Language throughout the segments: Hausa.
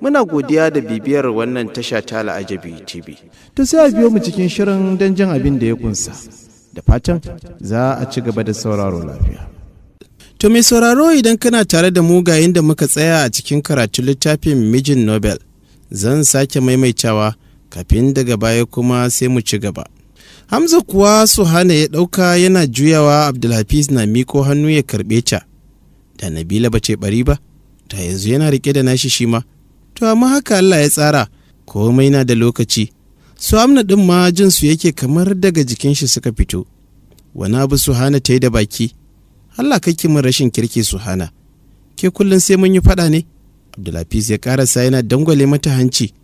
Muna godiya da bibiyar wannan tasha ta la'ajabi TV. Ta sai a biyo mu cikin shirin don abin da ya kunsa. Da fatan za a ci gaba da sauraro lafiya. To mai sauraro idan kana tare da mugayen da muka tsaya a cikin karatu littafin mijin Nobel, zan sake maimaitawa kafin daga baya kuma sai mu ci gaba. Hamza kuwa su hana ya ɗauka yana juyawa Abdulhafiz na miko hannu ya karɓe ta. Da Nabila bace bari ba, ta yanzu yana rike da nashi shi ma. to amma haka Allah ya tsara komai na da lokaci su amna ɗin ma jinsu yake kamar daga jikin shi suka fito wani abu su hana ta yi da baki Allah kake min rashin kirki su hana ke kullum sai mun yi faɗa ne Abdulhafiz ya karasa yana dangwale mata hanci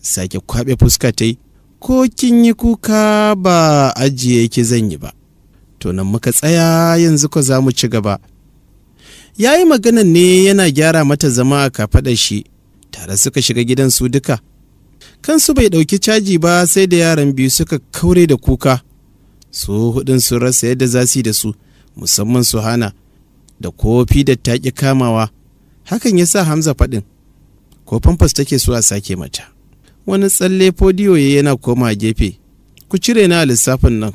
sake kwaɓe fuska ta yi ko kin yi kuka ba ajiye yake zan yi ba to nan muka tsaya yanzu ko za mu ci gaba ya yi maganan ne yana gyara mata zama a kafaɗar shi tare suka shiga gidan su duka kansu bai ɗauki caji ba sai da yaran biyu suka kaure da kuka su hudun sun rasa yadda za su yi da su musamman su hana da kofi da taƙi kamawa hakan ya sa hamza faɗin ko famfas take so a sake mata wani tsalle fodiyo yana koma gefe ku cire na lissafin nan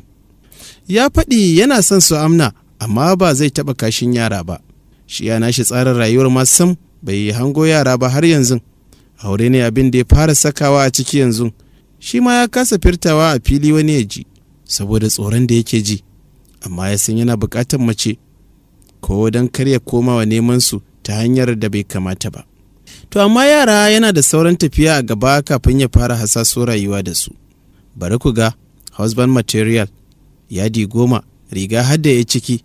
ya faɗi yana son su amna amma ba zai taɓa kashin yara ba shi ya nashi tsarin rayuwar ma sam bai yi hango yara ba har yanzu aure ne abin da ya fara sakawa a ciki yanzu shi ma ya kasa firtawa a fili wani ya ji saboda tsoron da yake ji amma ya san yana buƙatar mace ko don kar ya koma wa neman su ta hanyar da bai kamata ba to amma yara yana da sauran tafiya a gaba kafin ya fara hasaso rayuwa da su bari ku ga husband material yadi goma riga har da ya ciki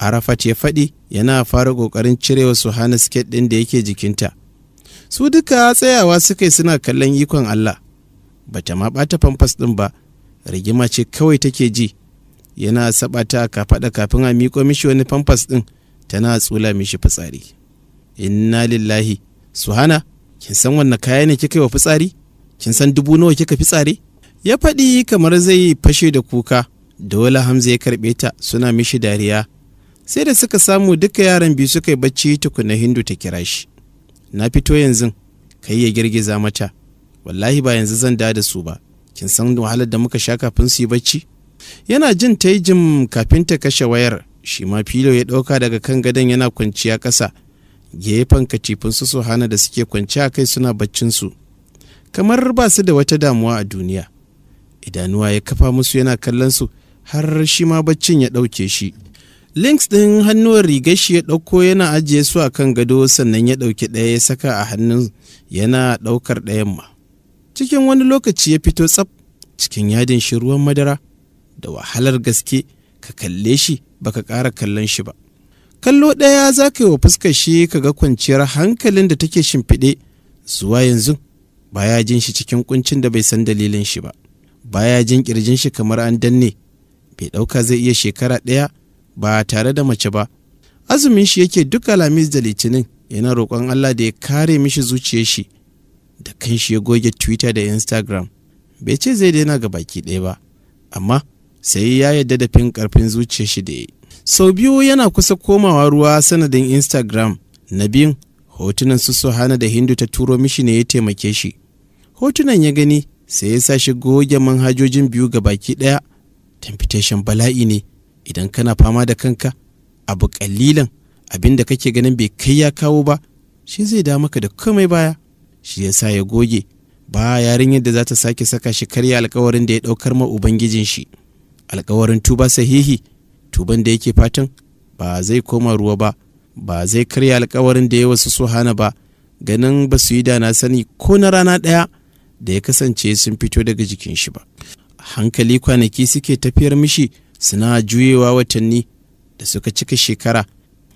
Arafat ya faɗi yana fara ƙoƙarin cirewa Suhana siket ɗin da yake jikinta. Su duka tsayawa suka yi suna kallon ikon Allah. Bata ma ɓata famfas ɗin ba, rigima ce kawai take ji. Yana saɓata ka faɗa kafin a miƙo mishi wani famfas ɗin tana tsula mishi fitsari. Inna lillahi, Suhana, kin san wanne kaya ne kika yi wa fitsari? Kin san dubu nawa kika fi fitsari? Ya faɗi kamar zai fashe da kuka, dole Hamza ya karɓe ta suna mishi dariya. sai da suka samu duka yaran biyu suka yi bacci tukuna hindu ta kira shi na fito yanzu kai ya girgiza mata wallahi ba yanzu zan da da su ba kin san wahalar da muka sha kafin su yi bacci yana jin ta yi jim kafin ta kashe wayar shi ma filo ya ɗauka daga kan gadon yana kwanciya ƙasa gefen katifin su suhana da suke kwanciya kai suna baccin su kamar ba su da wata damuwa a duniya idanuwa ya kafa musu yana kallon su har shi ma baccin ya ɗauke shi links ɗin hannuwar rigar shi ya ɗauko yana ajiye su a kan gado sannan ya ɗauki ɗaya ya saka a hannun yana ɗaukar ɗayan ma cikin wani lokaci ya fito tsaf cikin yadin shi ruwan madara da wahalar gaske ka kalle shi baka ƙara kallon shi ba kallo ɗaya za ka yi wa fuskar shi ka ga kwanciyar hankalin da take shimfiɗe zuwa yanzu baya jin shi cikin kuncin da bai san dalilin shi ba baya jin kirjin shi kamar an danne bai ɗauka zai iya shekara ɗaya ba tare da mace ba azumin shi yake duk alamis da litinin yana roƙon Allah da ya kare mishi zuciyar shi da kan shi ya goge twitter da instagram bai ce zai daina ga baki ɗaya ba amma sai ya yarda da fin karfin zuciyar shi da ya sau biyu yana kusa komawa ruwa sanadin instagram na biyun hotunan su Suhana da hindu ta turo mishi ne ya taimake shi hotunan ya gani sai ya sa shi goge manhajojin biyu ga baki ɗaya temptation bala'i ne idan kana fama da kanka abu kalilan abin da kake ganin bai kai ya kawo ba shi zai da maka da komai baya shi ya sa ya goge ba yarinyar da za ta sake saka shi karya alkawarin da ya ɗaukar ma ubangijin shi alkawarin tuba sahihi tuban da yake fatan ba zai koma ruwa ba ba zai karya alkawarin da ya wasu so hana ba ganin ba su yi da na sani ko na rana ɗaya da ya kasance sun fito daga jikin shi ba hankali kwanaki suke tafiyar mishi suna juyewa watanni da suka cika shekara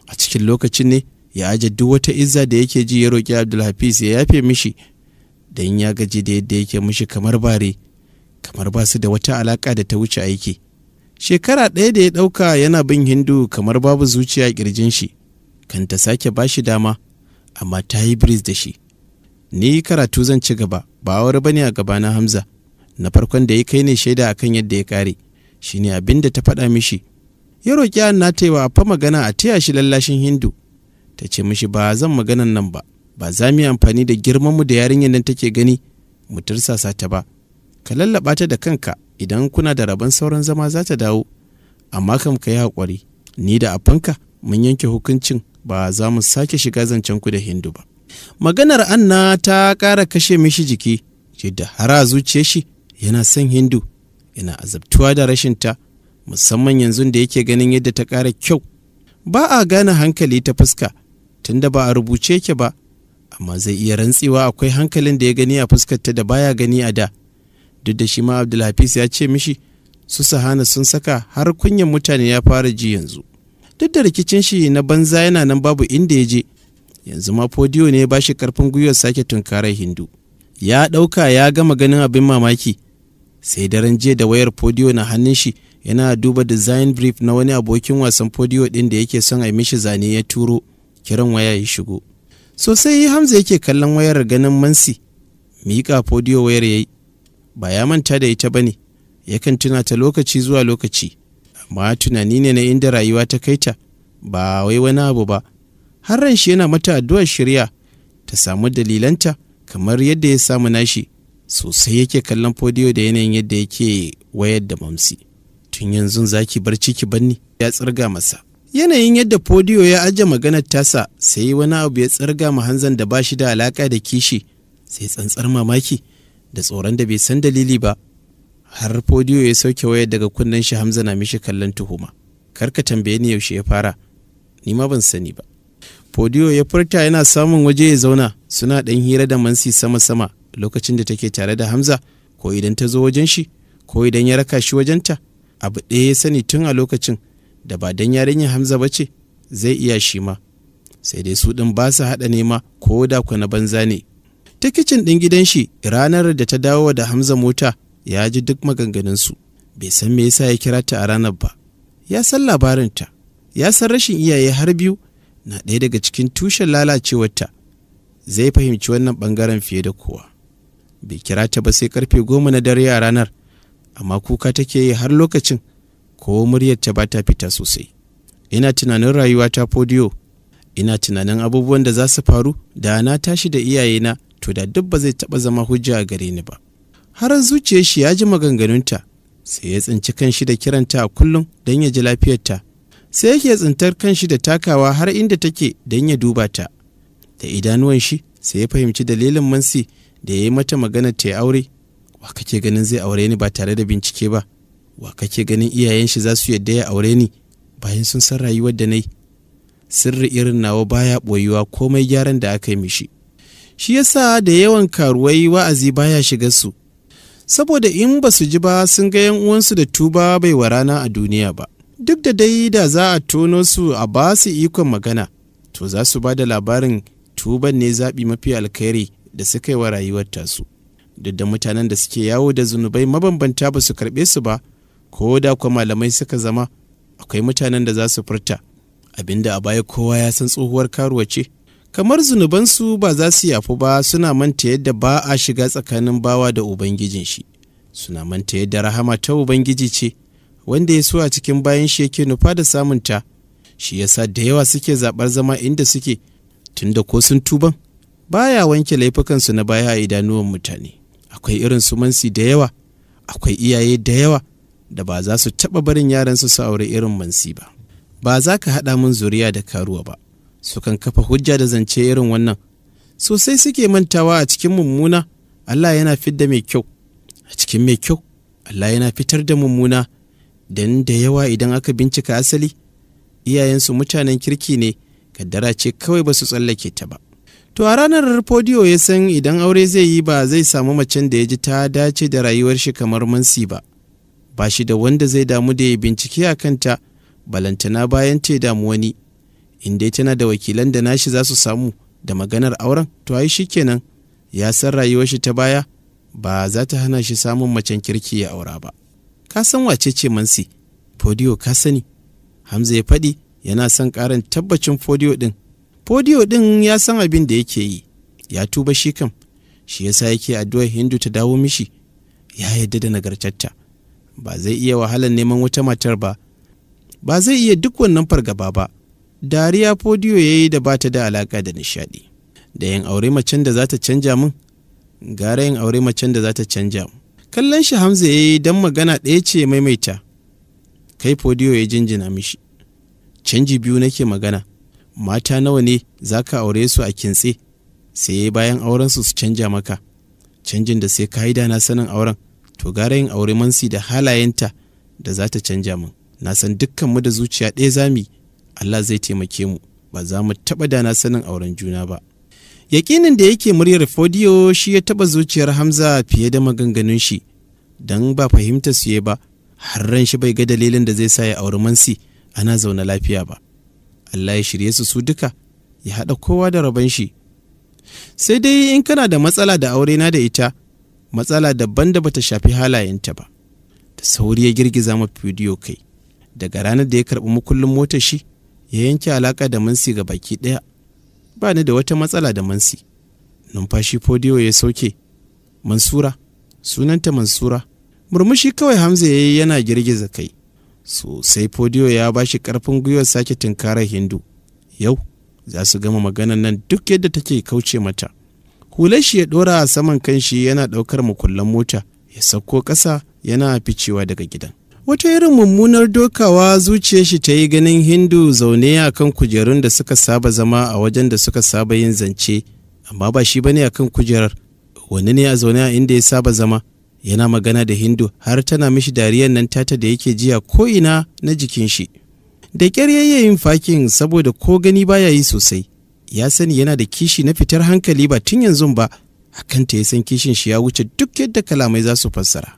a cikin lokacin ne ya aje duk wata izza da yake ji ya roƙi abdulhafiz ya yafe mishi don ya gaji da yadda yake mishi kamar bare kamar ba su da wata alaƙa da ta wuce aiki shekara ɗaya da ya ɗauka yana bin hindu kamar babu zuciya ƙirjin shi kan ta sake ba shi dama amma ta yi bris da shi ni karatu zan ci gaba ba wani bane a na hamza na farkon da ya kai ne shaida akan yadda ya kare ne abin da ta faɗa mishi ya roƙi anna ta yi wa fa magana a taya shi lallashin hindu ta ce mishi ba zan maganan nan ba ba za mu yi amfani da girmanmu da yarinyar nan take gani mu tursasa ta ba ka lallaɓa ta da kanka idan kuna da rabon sauran zama za ta dawo amma kam ka yi haƙuri ni da afanka mun yanke hukuncin ba za mu sake shiga zancen ku da hindu ba maganar anna ta ƙara kashe mishi jiki da hara zuciyar shi yana son hindu ina azabtuwa da rashin ta musamman yanzu da yake ganin yadda ta ƙara kyau ba a gane hankali ta fuska tunda ba a rubuce ke ba amma zai iya rantsewa akwai hankalin da ya gani a fuskar ta da baya gani a da duk da shi ma abdulhafiz ya ce mishi su sahana sun saka har kunyan mutane ya fara ji yanzu duk da rikicin shi na banza yana nan babu inda ya je yanzu ma fodiyo ne ya bashi karfin gwiwar sake tunkarar hindu ya ɗauka ya gama ganin abin mamaki sai daren jiya da wayar podiyo na hannun shi yana duba design brief na wani abokin wasan podiyo ɗin da yake son a mishi zane ya turo kiran waya ya shigo sosai yi hamza yake kallon wayar ganin mansi miƙa podiyo wayar yayi ba ya manta da ita bane yakan tuna ta lokaci zuwa lokaci amma tunani ne na inda rayuwa ta kai ta ba wai wani abu ba har ran shi yana mata addu'ar shirya ta samu dalilanta kamar yadda ya samu nashi sosai yake kallon fodiyo da yanayin yadda yake wayar da mamsi tun yanzu zaki barci ki banni ya tsirga masa yanayin yadda fodiyo ya aje maganar tasa sai wani abu ya tsirga ma hanzan da ba shi da alaka da kishi sai tsantsar mamaki da tsoron da bai san dalili ba har fodiyo ya sauke wayar daga kunnen shi hamza na mishi kallon tuhuma karka tambaye ni yaushe ya fara ni ma ban sani ba fodiyo ya furta yana samun waje ya zauna suna ɗan hira da mansi sama-sama lokacin da take tare da hamza ko idan ta zo wajen shi ko idan ya raka shi wajenta abu ɗaya ya sani tun a lokacin da ba dan yarinyar hamza ba ce zai iya shi ma sai dai su ɗin ba su haɗa nema ko da kwana banza ne ta kicin ɗin gidan shi ranar da ta dawo da hamza mota ya ji duk maganganun su bai san me yasa ya kira ta a ranar ba ya san ta ya san rashin iyaye har biyu na ɗaya daga cikin tushen lalacewarta zai fahimci wannan ɓangaren fiye da kowa bai kira ta ba sai karfe goma na dare a ranar amma kuka take yi har lokacin ko muryar ta ba ta fita sosai ina tunanin rayuwa ta podiyo ina tunanin abubuwan da za su faru da na tashi da iyayena to da duk ba zai taɓa zama hujja a gare ni ba har zuciyar shi ya ji maganganunta sai ya tsinci kanshi da kiranta a kullum don ya ji lafiyarta sai yake tsintar kanshi da takawa har inda take don ya duba ta da idanuwan shi sai ya fahimci dalilin mansi da ya yi mata magana ta yi aure wa kake ganin zai aure ni ba tare da bincike ba wa kake ganin iyayen shi za su yadda ya aure ni bayan sun san rayuwar da na yi sirri irin nawa baya boyuwa komai gyaran da aka yi mishi shi yasa da yawan karuwai wa'azi baya shiga su saboda in ba su ji ba sun ga yan uwansu da tuba bai wa rana a duniya ba duk da dai da za a tono su a ba su ikon magana to za su ba da labarin tuban ne zaɓi mafi alkhairi da suka yi wa rayuwar tasu duk da mutanen da suke yawo da zunubai mabambanta ba su karɓe su ba ko da kuwa malamai suka zama akwai mutanen da za su furta abinda a baya kowa ya san tsohuwar karuwa ce kamar zunubansu ba za su yafu ba suna manta yadda ba a shiga tsakanin bawa da ubangijin shi suna manta yadda rahama ta ubangiji ce wanda ya so a cikin bayan shi yake nufa da samunta shi yasa da yawa suke zaɓar zama inda suke tunda ko sun tuban baya wanke laifukansu na baya a idanuwan mutane akwai irin su mansi da yawa akwai iyaye da yawa da ba za su taɓa barin yaransu su aure irin mansi ba ba za ka haɗa mun zuriya da karuwa ba sukan kafa hujja da zance irin wannan sosai suke mantawa a cikin mummuna Allah yana fidda mai kyau a cikin mai kyau Allah yana fitar da mummuna dan da yawa idan aka bincika asali iyayensu mutanen kirki ne kaddara ce kawai ba su tsallake ta ba To a ranar Fodiyo ya san idan aure zai yi ba zai samu macen da ya ji ta dace da rayuwar shi kamar mansi ba. Ba shi da wanda zai damu da ya bincike a kanta balantana bayan ce damu wani. Inda tana da wakilan da nashi za su samu da maganar auren to ai kenan ya san rayuwar shi ta baya ba za ta hana shi samun macen kirki ya aura ba. Ka san wace ce mansi? Fodiyo ka sani. Hamza ya faɗi yana son ƙarin tabbacin Fodiyo ɗin Fodiyo ɗin ya san abin da yake yi, ya tuba shi kam, shi yasa yake addu'ar Hindu ta dawo mishi, ya yadda da nagartatta. Ba zai iya wahalar neman wata matar ba, ba zai iya duk wannan fargaba ba. Dariya Fodiyo ya yi da ba ta da alaƙa da nishaɗi. Da yin aure macen da za ta canja min, gara yin aure macen da za ta canja mu. Kallon shi Hamza ya yi don magana ɗaya ce maimaita, kai Fodiyo ya jinjina mishi. Canji biyu nake magana. mata nawa ne za ka aure su a kintse sai bayan auren su canja maka canjin da sai ka yi da na sanin auren to gara yin aure mansi da halayenta da za ta canja min na san dukkan mu da zuciya ɗaya zami Allah zai taimake mu ba za mu taɓa da na sanin auren juna ba yaƙinin da yake muryar fodiyo shi ya taɓa zuciyar hamza fiye da maganganun shi don ba fahimta su ba har ran shi bai ga dalilin da zai sa ya auri mansi ana zaune lafiya ba Allah ya shirye su su duka ya haɗa kowa da rabon shi sai dai in kana da matsala da aure na da ita matsala daban da bata shafi halayenta ba da sauri ya girgiza ma fidiyo kai daga ranar da ya karɓi makullin motar shi ya yanke alaƙa da mansi ga baki ɗaya ba ni da wata matsala da mansi numfashi fodiyo ya sauke mansura sunanta mansura murmushi kawai hamza ya yi yana girgiza kai sosai fodiyo ya ba shi karfin gwiwar sake tunkarar hindu yau za su gama maganan nan duk yadda take kauce mata hular shi ya dora a saman kanshi yana daukar mukullan mota ya sauko ƙasa yana ficewa daga gidan wata irin mummunar dokawa zuciyar shi ta yi ganin hindu zaune a kan kujerun da suka saba zama a wajen da suka saba yin zance amma ba shi bane a kan kujerar wani ne a zaune a inda ya saba zama yana magana da hindu har tana mishi dariyar nan tata da yake jiya ko'ina na jikin shi da ƙyar yin fakin saboda ko gani baya yi sosai ya sani yana da kishi na fitar hankali ba tun yanzu ba kanta ya san kishin shi ya wuce duk yadda kalamai za su fassara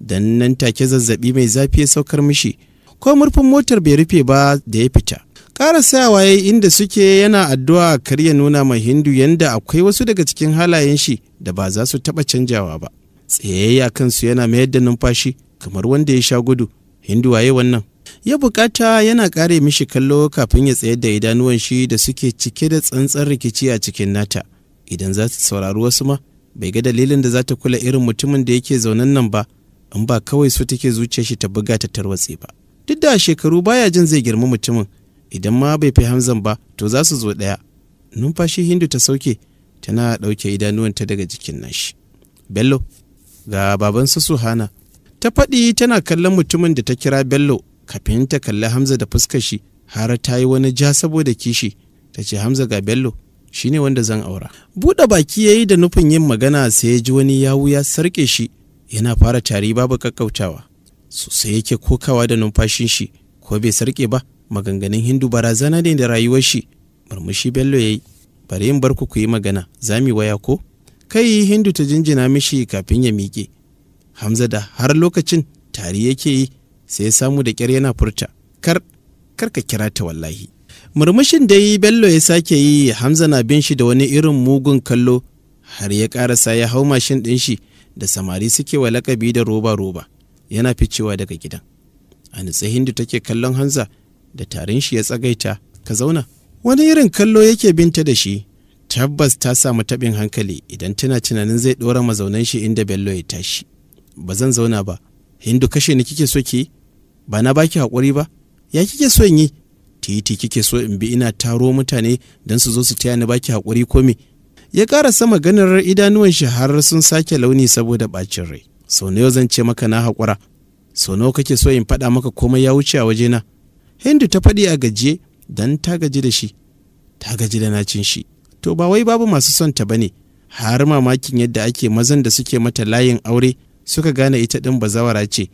dan nan take zazzabi mai zafi ya saukar mishi ko murfin motar bai rufe ba da ya fita ƙara sayawa ya inda suke yana addu'a kar ya nuna ma hindu yanda akwai wasu daga cikin halayen shi da ba za su taɓa canjawa ba tsayayya kansu yana mayar da numfashi kamar wanda ya sha gudu hindu waye wannan ya bukata yana kare mishi kallo kafin ya tsayar da idanuwan shi da suke cike da tsantsan rikici a cikin nata idan za su saurari wasu ma bai ga dalilin da za ta kula irin mutumin da yake zaunan nan ba in ba kawai su take zuciyar shi ta buga ta tarwatse ba duk da shekaru baya jin zai girma mutumin idan ma bai fi hamzan ba to za su zo ɗaya numfashi hindu ta sauke tana ɗauke idanuwanta daga jikin nashi bello ga babansa suhana ta faɗi tana kallon mutumin da ta kira bello kafin ta kalli hamza da fuskar shi har ta yi wani ja saboda kishi ta ce hamza ga bello shine wanda zan aura buɗe baki ya yi da nufin yin magana sai ya ji wani yawu ya sarƙe shi yana fara tari babu kakkautawa sosai yake kokawa da numfashin shi ko bai sarƙe ba maganganun hindu barazana ne da rayuwar shi murmushi bello ya yi bari in bar ku yi magana za mu waya ko kai hindu ta jinjina mishi kafin ya miƙe hamza da har lokacin tari yake yi sai ya samu da ƙyar yana furta kar kar ka kira ta wallahi murmushin da yi bello ya sake yi hamza na bin shi da wani irin mugun kallo har ya karasa ya hau mashin ɗin shi da samari suke wa lakabi da roba roba yana ficewa daga gidan a nutsa hindu take kallon hamza da tarin shi ya tsagaita ka zauna wani irin kallo yake binta da shi tabbas ta samu taɓin hankali idan tana tunanin zai ɗora mazaunan shi inda bello ya tashi ba zan zauna ba hindu kashe ni kike so ki ba na baki haƙuri ba ya kike so in yi titi kike so in bi ina taro mutane don su zo su taya ni baki haƙuri ko me ya ƙarasa maganar idanuwan shi har sun sake launi saboda ɓacin rai sau nawa zan ce maka na haƙura sau nawa kake so in faɗa maka komai ya wuce a wajena hindu ta faɗi a gajiye don ta gaji da shi ta gaji da nacin shi to ba wai babu masu son ta bane har mamakin yadda ake mazan da suke mata layin aure suka gane ita ɗin bazawara ce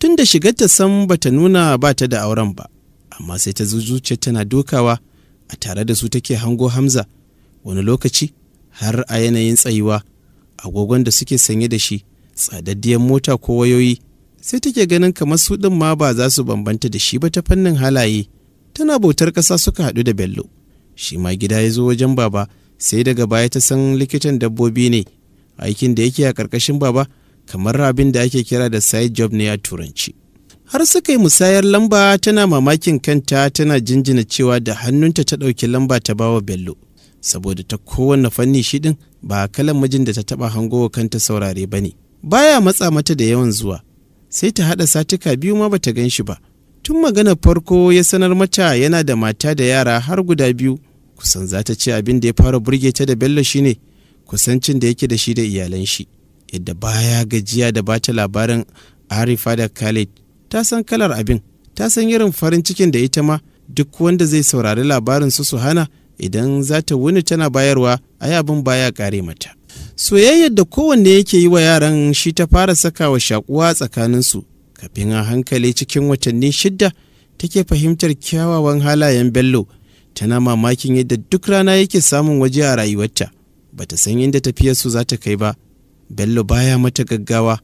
tun da shigarta san bata nuna ba ta da auren ba amma sai ta zuciya tana dokawa a tare da su take hango hamza wani lokaci har a yanayin tsayuwa agogon da suke sanye da shi tsadaddiyar mota ko wayoyi sai take ganin kamar su ɗin ma ba za su bambanta da shi ba ta fannin halaye tana bautar ƙasa suka haɗu da bello shi ma gida ya zo wajen baba sai daga baya ta san likitan dabbobi ne aikin da yake a ƙarƙashin baba kamar abin da ake kira da side job ne a turanci har suka yi musayar lamba tana mamakin kanta tana jinjina cewa da hannunta ta ɗauki lamba ta bawa bello saboda ta kowanne fanni shi ɗin ba kalan mijin da ta taɓa wa kanta saurare ba ne baya matsa mata da yawan zuwa sai ta haɗa satuka biyu ma bata gan shi ba tun magana farko ya sanar mata yana da mata da yara har guda biyu kusan za ta ce abin da ya fara burge ta da bello shi shine kusancin da yake da shi da iyalan shi yadda baya gajiya da bata labarin arifa da khalid ta san kalar abin ta san irin farin cikin da ita ma duk wanda zai saurari labarin su su hana idan za ta wuni tana bayarwa a abin baya kare mata soyayyar da kowanne yake yi wa yaran shi ta fara sakawa shakuwa tsakaninsu kafin a hankali cikin watanni shidda take fahimtar kyawawan halayen bello tana mamakin yadda duk rana yake samun waje a rayuwarta bata san inda tafiyarsu za ta kai ba bello baya mata gaggawa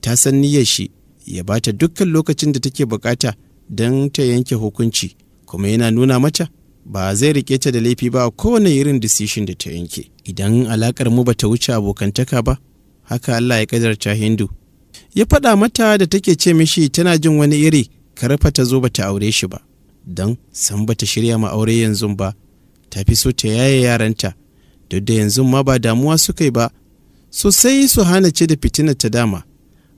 ta san niyyar shi ya bata dukkan lokacin da take bukata don ta yanke hukunci kuma yana nuna mata ba zai rike ta da laifi ba a kowane irin decision da ta yanke idan alakar mu bata wuce abokantaka ba haka Allah ya kadarta hindu ya faɗa mata da take ce mishi tana jin wani iri karfa ta zo bata aure shi ba don san bata shirya ma aure yanzu ba ta fi so ta yaye yaranta duk da yanzu ma ba damuwa suka yi ba sosai su hana ce da fitina ta dama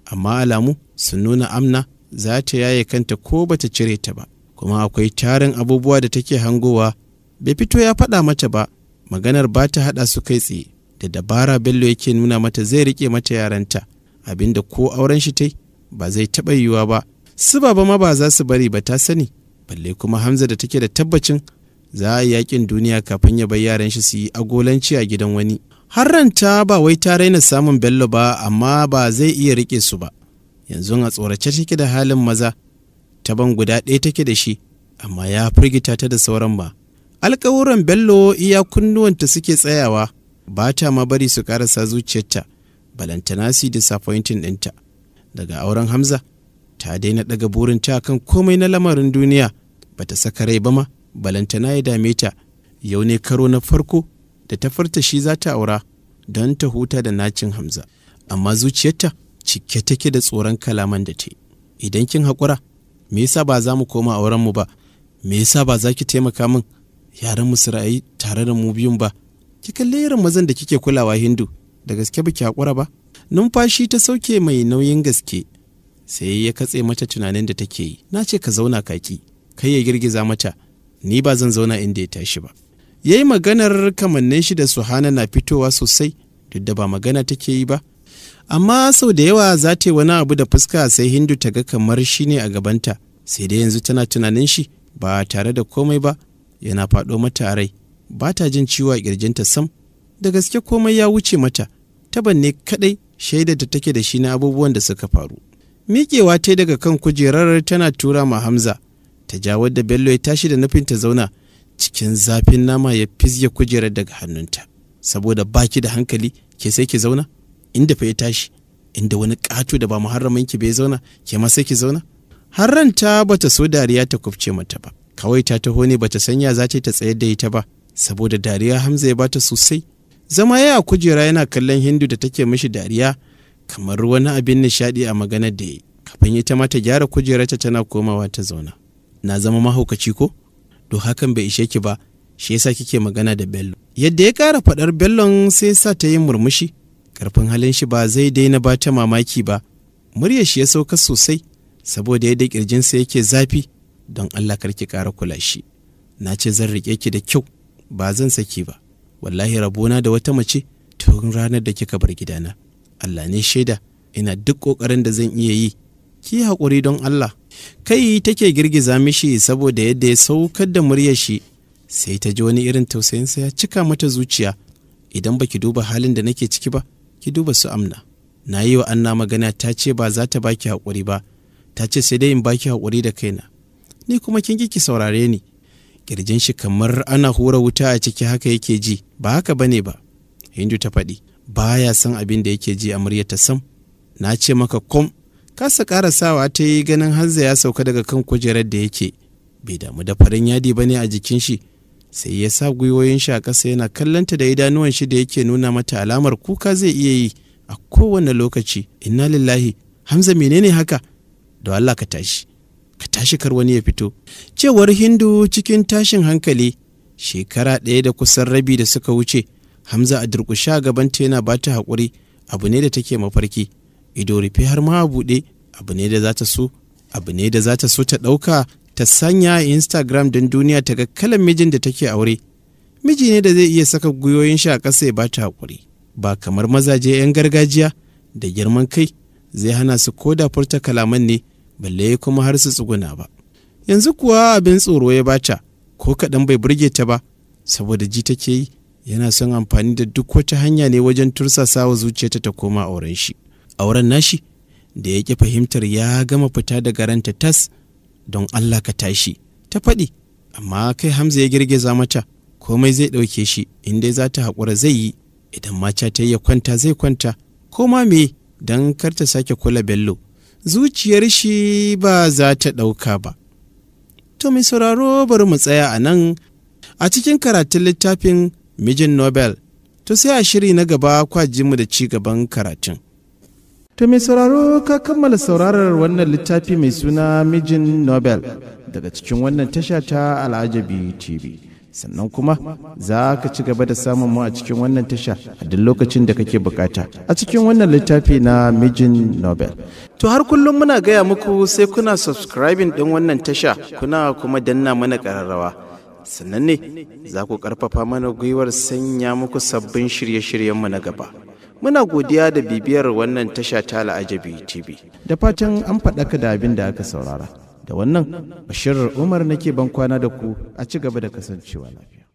amma alamu sun nuna amna za ta yaye kanta ko bata cire ta ba kuma akwai tarin abubuwa da take hangowa bai fito ya faɗa mata ba maganar ba ta haɗa su kai tsaye da dabara bello yake nuna mata zai riƙe mata yaranta Abin da ko auren shi ta yi ba zai taɓa yiwuwa ba su baba ma ba za su bari ba ta sani balle kuma hamza da take da tabbacin za a yi yakin duniya kafin ya bar yaran shi su yi agolanci a gidan wani har ranta ba wai ta raina samun bello ba amma ba zai iya riƙe su ba yanzu a tsorace take da halin maza ta ban guda ɗaya take da shi amma ya firgita ta da sauran ba alkawuran bello iya kunnuwanta suke tsayawa ba ta ma bari su karasa zuciyarta balantana si disappointing ɗinta daga auren hamza ta daina daga burinta kan komai na lamarin duniya bata saka rai ba ma balantana ya dame ta yau ne karo na farko da ta farta shi za ta aura don ta huta da nacin hamza amma zuciyarta cike take da tsoron kalaman da ta idan kin haƙura me yasa ba za mu koma auren mu ba me yasa ba za ki taimaka min yaran mu su ra'ayi tare da mu biyun ba ki kalle irin mazan da kike kulawa hindu da gaske baki haƙura ba numfashi ta sauke mai nauyin gaske sai ya katse mata tunanin da take yi na ce ka zauna kaki kai ya girgiza mata ni ba zan zauna inda ya tashi ba ya yi maganar kamannin shi da suhana na fitowa sosai duk da ba magana take yi ba amma sau da yawa za ta yi wani abu da fuska sai hindu ta ga kamar shi ne a gabanta sai dai yanzu tana tunanin shi ba tare da komai ba yana faɗo mata a rai ba ta jin ciwo a ƙirjinta sam da gaske komai ya wuce mata taban ne kaɗai shaidar da take da shi na abubuwan da suka faru miƙewa ta daga kan kujerar tana tura ma hamza ta jawo da bello ya tashi da nufin ta zauna cikin zafin nama ya fizge kujerar daga hannunta saboda baki da hankali ke sai ki zauna inda fa ya tashi inda wani ƙato da ba muharramin ki bai zauna ke ma sai ki zauna har ranta bata so dariya ta kufce mata ba kawai ta taho ne bata sanya za ta tsayar da ita ba saboda dariya hamza ya bata sosai zama ya kujera yana kallon hindu da take mishi dariya kamar wani abin nishadi a maganar da yi kafin ita ma ta gyara kujerarta tana komawa ta zauna na zama mahaukaci ko to hakan bai ishe ki ba shi yasa kike magana da bello yadda ya kara fadar bellon sai sa ta yi murmushi karfin halin shi ba zai daina ba ta mamaki ba murya shi ya sauka sosai saboda yadda kirjinsa yake zafi don allah karki kara kula shi na ce zan rike ki da kyau ba zan saki ba wallahi rabona da wata mace tun ranar da kika bar gidana Allah ne shaida ina duk ƙoƙarin da zan iya yi ki haƙuri don Allah kai take girgiza mishi saboda yadda ya saukar da muryar shi sai ta ji wani irin tausayinsa ya cika mata zuciya idan baki duba halin da nake ciki ba ki duba su amna na yi wa anna magana ta ce ba za ta baki haƙuri ba ta ce sai dai in baki haƙuri da kaina ni kuma kin ki saurare ni kirjin shi kamar ana hura wuta a ciki haka yake ji ba haka ba ne ba hindu ta faɗi baya san abin da yake ji a ta sam na ce maka kom kasa sawa ta yi ganin hanza ya sauka daga kan kujerar da yake bai damu da farin yadi ba ne a jikin shi sai ya sa gwiwoyin shi a ƙasa yana kallanta da idanuwan shi da yake nuna mata alamar kuka zai iya yi a kowane lokaci inna lillahi hamza menene haka da Allah ka tashi ka tashi kar wani ya fito cewar hindu cikin tashin hankali shekara ɗaya da kusan rabi da suka wuce hamza a durƙusha gabanta yana bata haƙuri abu ne da take mafarki ido rufe har ma buɗe abu ne da za ta so abu ne da za ta so ta ɗauka ta sanya instagram don duniya ta ga kalan mijin da take aure miji ne da zai iya saka gwiwoyin shi a ƙasa ya bata haƙuri ba kamar mazaje 'yan gargajiya da girman kai zai hana su koda furta kalaman ne balle kuma har su tsuguna ba yanzu kuwa abin tsoro ya bata ko kaɗan bai burge ta ba saboda ji take yi yana son amfani da duk wata hanya ne wajen tursasa wa zuciyarta ta koma auren shi auren nashi da ya ƙi fahimtar ya gama fita daga ranta tas don allah ka tashi ta faɗi amma kai hamza ya girgiza mata komai zai ɗauke shi inda za ta haƙura zai yi idan mata ta yi ya kwanta zai kwanta ko ma me dan kar ta sake kula bello zuciyar shi ba za ta ɗauka ba. To mai sauraro bari mu tsaya a nan a cikin karatun littafin mijin Nobel, to sai a shiri na gaba kwa mu da ci gaban karatun. To mai sauraro ka kammala saurarar wannan littafi mai suna mijin Nobel daga cikin wannan tasha ta Al'ajabi TV. sannan kuma za ka ci gaba da samun mu a cikin wannan tasha a duk lokacin da kake bukata a cikin wannan littafi na mijin nobel to har kullum muna gaya muku sai kuna subscribing din wannan tasha kuna kuma danna mana kararrawa sannan ne za ku karfafa mana gwiwar sanya muku sabbin shirye-shiryenmu na gaba muna godiya da bibiyar wannan tasha ta la'ajabi tv da fatan an faɗaka da abin da aka saurara da wannan bashirar umar nake ban kwana da ku a ci gaba da kasancewa lafiya